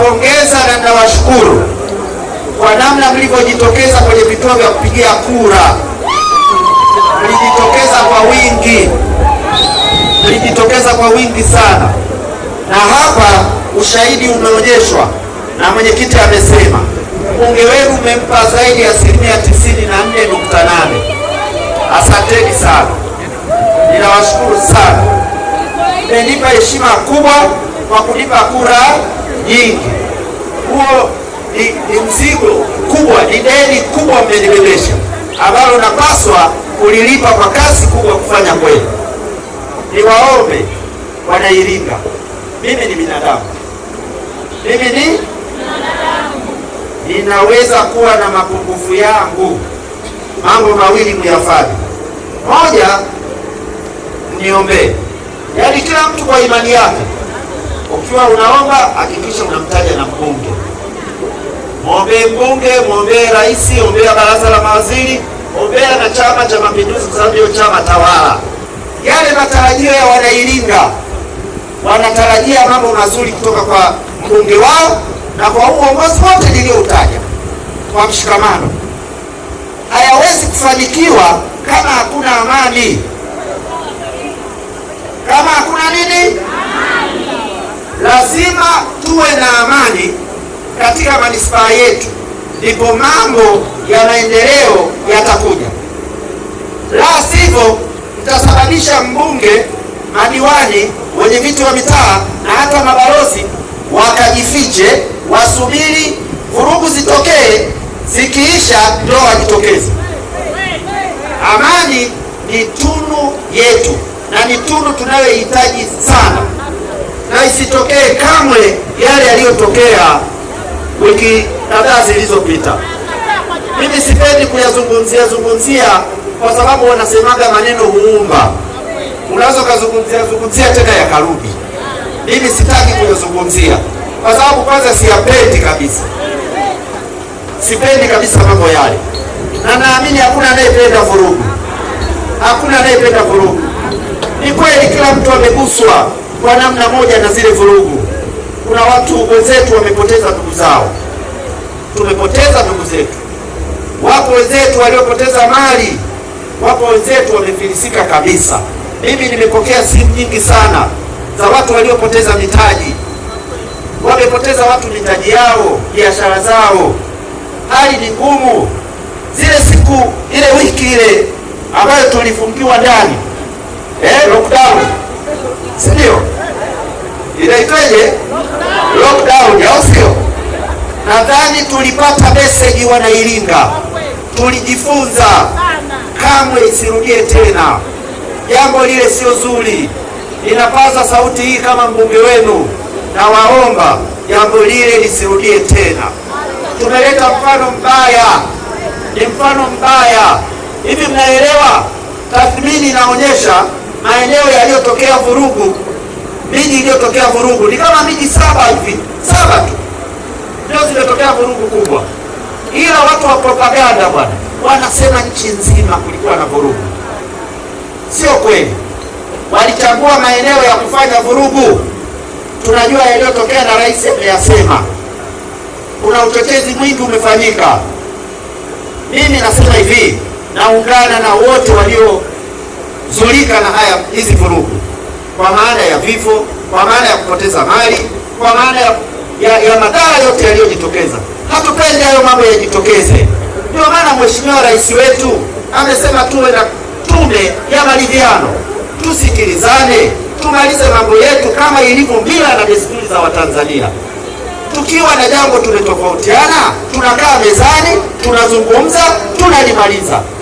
nawapongeza na nawashukuru kwa namna mlivyojitokeza kwenye vituo vya kupigia kura. Mlijitokeza kwa wingi, mlijitokeza kwa wingi sana, na hapa ushahidi umeonyeshwa na mwenyekiti amesema mbunge wenu umempa zaidi ya asilimia nane. Asanteni sana, ninawashukuru sana, mmenipa heshima kubwa kwa kunipa kura nyingi. Huo ni mzigo kubwa, ni deni kubwa mmenibebesha, ambalo napaswa kulilipa kwa kasi kubwa kufanya kweli. Niwaombe wana Iringa, mimi ni binadamu, mimi ni ninaweza kuwa na mapungufu yangu. Mambo mawili kuyafanya, moja, mniombee, yaani kila mtu kwa imani yake ukiwa unaomba hakikisha unamtaja na mbunge. Mwombee mbunge, mwombee rais, ombea baraza la mawaziri, ombea na Chama cha Mapinduzi, kwa sababu ndio chama tawala. Yale matarajio ya Wanairinga, wanatarajia mambo mazuri kutoka kwa mbunge wao na kwa uongozi wote niliyoutaja kwa mshikamano. Hayawezi kufanikiwa kama hakuna amani, kama hakuna nini lazima tuwe na amani katika manispaa yetu, ndipo mambo ya maendeleo yatakuja. La sivyo, mtasababisha mbunge, madiwani, wenye viti wa mitaa na hata mabalozi wakajifiche, wasubiri vurugu zitokee, zikiisha ndio wajitokeze. Amani ni tunu yetu na ni tunu tunayohitaji sana na isitokee kamwe yale yaliyotokea wiki kadhaa zilizopita. Mimi sipendi kuyazungumzia zungumzia kwa sababu wanasemaga maneno huumba, unaweza ukazungumzia zungumzia tena yakarudi. Mimi sitaki kuyazungumzia kwa sababu kwanza siyapendi kabisa, sipendi kabisa mambo yale, na naamini hakuna anayependa vurugu, hakuna anayependa vurugu. Ni kweli kila mtu ameguswa kwa namna moja na zile vurugu. Kuna watu wenzetu wamepoteza ndugu zao, tumepoteza ndugu zetu, wapo wenzetu waliopoteza mali, wapo wenzetu wamefilisika kabisa. Mimi nimepokea simu nyingi sana za watu waliopoteza mitaji, wamepoteza watu mitaji yao, biashara zao, hali ni ngumu. Zile siku ile wiki ile ambayo tulifungiwa ndani eh, lockdown sindio ndio? Lockdown, au sio? Nadhani tulipata meseji ilinga tulijifunza, kamwe isirudie tena. Jambo lile sio zuri. Ninapaza sauti hii kama mbunge wenu, nawaomba jambo lile lisirudie tena. Tumeleta mfano mbaya, ni mfano mbaya. Hivi mnaelewa? Tathmini inaonyesha maeneo yaliyotokea vurugu, miji iliyotokea vurugu ni kama miji saba hivi, saba tu ndio zimetokea vurugu kubwa, ila watu wa propaganda bwana wanasema nchi nzima kulikuwa na vurugu. Sio kweli, walichagua maeneo ya kufanya vurugu. Tunajua yaliyotokea na rais ameyasema. Kuna uchochezi mwingi umefanyika. Mimi nasema hivi, naungana na wote walio kuzulika na haya hizi vurugu, kwa maana ya vifo, kwa maana ya kupoteza mali, kwa maana ya, ya, ya madhara yote yaliyojitokeza. Hatupendi hayo mambo yajitokeze. Ndio maana Mheshimiwa Rais wetu amesema tuwe na tume ya maridhiano, tusikilizane, tumalize mambo yetu kama ilivyo mila na desturi za Watanzania. Tukiwa na jambo tunetofautiana, tunakaa mezani, tunazungumza, tunalimaliza.